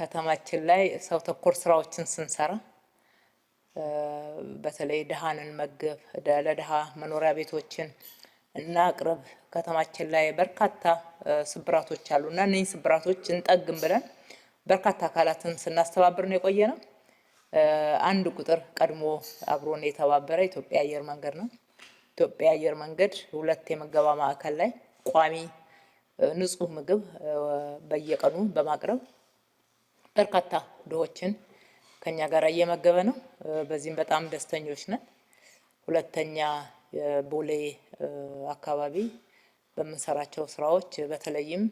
ከተማችን ላይ ሰው ተኮር ስራዎችን ስንሰራ በተለይ ድሃን መግብ፣ ለድሃ መኖሪያ ቤቶችን እናቅርብ። ከተማችን ላይ በርካታ ስብራቶች አሉ እና እነኝ ስብራቶች እንጠግም ብለን በርካታ አካላትን ስናስተባብር ነው የቆየ ነው። አንድ ቁጥር ቀድሞ አብሮን የተባበረ ኢትዮጵያ አየር መንገድ ነው። ኢትዮጵያ አየር መንገድ ሁለት የምገባ ማዕከል ላይ ቋሚ ንጹህ ምግብ በየቀኑ በማቅረብ በርካታ ድሆችን ከኛ ጋር እየመገበ ነው። በዚህም በጣም ደስተኞች ነን። ሁለተኛ ቦሌ አካባቢ በምንሰራቸው ስራዎች በተለይም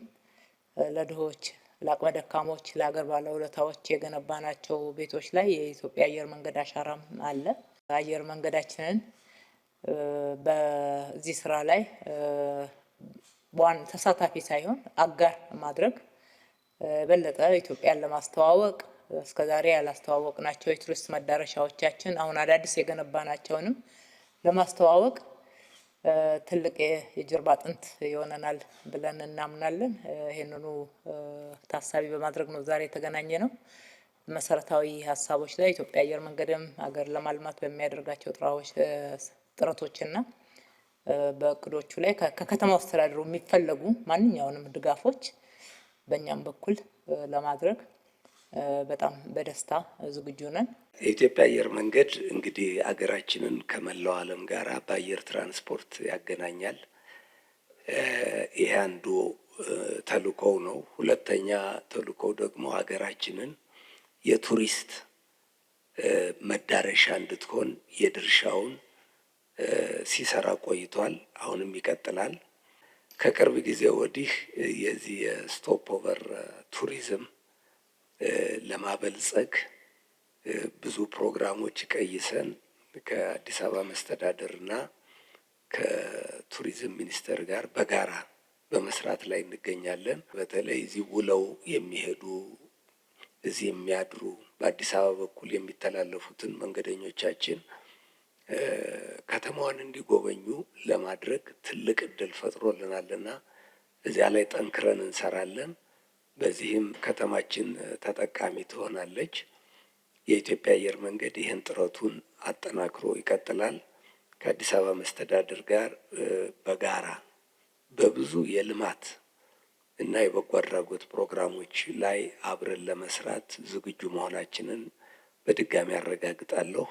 ለድሆች፣ ለአቅመ ደካሞች፣ ለአገር ባለውለታዎች የገነባናቸው ቤቶች ላይ የኢትዮጵያ አየር መንገድ አሻራም አለ። አየር መንገዳችንን በዚህ ስራ ላይ ተሳታፊ ሳይሆን አጋር ማድረግ በለጠ ኢትዮጵያን ለማስተዋወቅ እስከዛሬ ያላስተዋወቅናቸው የቱሪስት መዳረሻዎቻችን አሁን አዳዲስ የገነባናቸውንም ለማስተዋወቅ ትልቅ የጀርባ አጥንት ይሆነናል ብለን እናምናለን። ይህንኑ ታሳቢ በማድረግ ነው ዛሬ የተገናኘ ነው። መሰረታዊ ሀሳቦች ላይ ኢትዮጵያ አየር መንገድም ሀገር ለማልማት በሚያደርጋቸው ጥረቶችና በእቅዶቹ ላይ ከከተማው አስተዳደሩ የሚፈለጉ ማንኛውንም ድጋፎች በእኛም በኩል ለማድረግ በጣም በደስታ ዝግጁ ነን። የኢትዮጵያ አየር መንገድ እንግዲህ አገራችንን ከመላው ዓለም ጋር በአየር ትራንስፖርት ያገናኛል። ይሄ አንዱ ተልእኮው ነው። ሁለተኛ ተልእኮው ደግሞ ሀገራችንን የቱሪስት መዳረሻ እንድትሆን የድርሻውን ሲሰራ ቆይቷል። አሁንም ይቀጥላል። ከቅርብ ጊዜ ወዲህ የዚህ የስቶፕ ኦቨር ቱሪዝም ለማበልጸግ ብዙ ፕሮግራሞች ቀይሰን ከአዲስ አበባ መስተዳደርና ከቱሪዝም ሚኒስቴር ጋር በጋራ በመስራት ላይ እንገኛለን። በተለይ እዚህ ውለው የሚሄዱ እዚህ የሚያድሩ በአዲስ አበባ በኩል የሚተላለፉትን መንገደኞቻችን ከተማዋን እንዲጎበኙ ለማድረግ ትልቅ እድል ፈጥሮልናልና እዚያ ላይ ጠንክረን እንሰራለን። በዚህም ከተማችን ተጠቃሚ ትሆናለች። የኢትዮጵያ አየር መንገድ ይህን ጥረቱን አጠናክሮ ይቀጥላል። ከአዲስ አበባ መስተዳድር ጋር በጋራ በብዙ የልማት እና የበጎ አድራጎት ፕሮግራሞች ላይ አብረን ለመስራት ዝግጁ መሆናችንን በድጋሚ አረጋግጣለሁ።